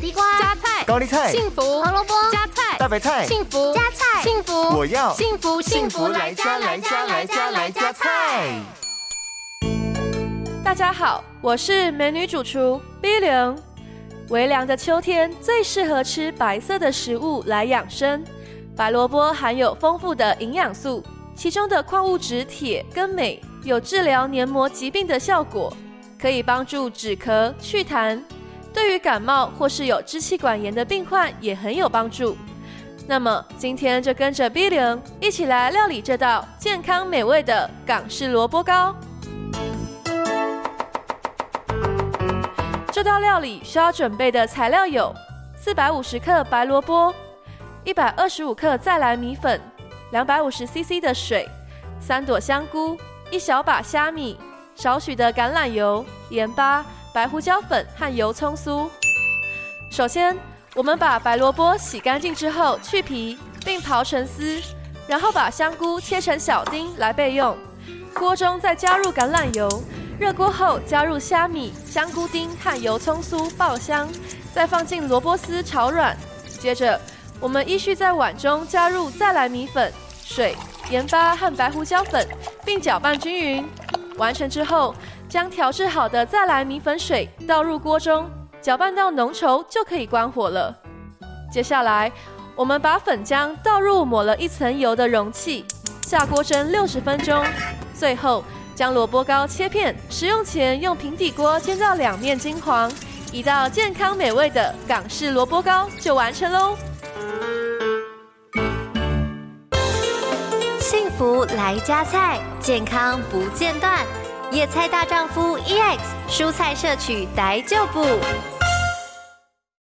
地瓜、加菜高麗菜、幸福、胡蘿蔔、加菜、大白菜、幸福、加菜、幸福。我要幸福、幸福來加、來加、來加、來加菜。大家好，我是美女主廚 B 零。微涼的秋天最適合吃白色的食物來養生。白蘿蔔含有豐富的營養素，其中的礦物質鐵跟鎂有治療黏膜疾病的效果，可以幫助止咳、去痰。對於感冒或是有支氣管炎的病患也很有幫助。那麼今天就跟着 Billion 一起來料理這道健康美味的港式蘿蔔糕。這道料理需要準備的材料有：四百五十克白蘿蔔、一百二十五克再來米粉、兩百五十 CC 的水、三朵香菇、一小把蝦米、少許的橄欖油、鹽巴。白胡椒粉和油蔥酥。首先，我們把白蘿蔔洗乾淨之後去皮，並刨成絲，然後把香菇切成小丁來備用。鍋中再加入橄欖油，熱鍋後加入蝦米、香菇丁和油蔥酥爆香，再放進蘿蔔絲炒軟。接着，我們依序在碗中加入在來米粉、水、鹽巴和白胡椒粉，並攪拌均勻。完成之後。將調製好的在來米粉水倒入鍋中，攪拌到濃稠就可以關火了。接下來，我們把粉漿倒入抹了一層油的容器，下鍋蒸六十分鐘。最後，將蘿蔔糕切片，食用前用平底鍋煎到兩面金黃，一道健康美味的港式蘿蔔糕就完成嘍。幸福來加菜，健康不間斷。野菜大丈夫，EX 蔬菜攝取逮就補。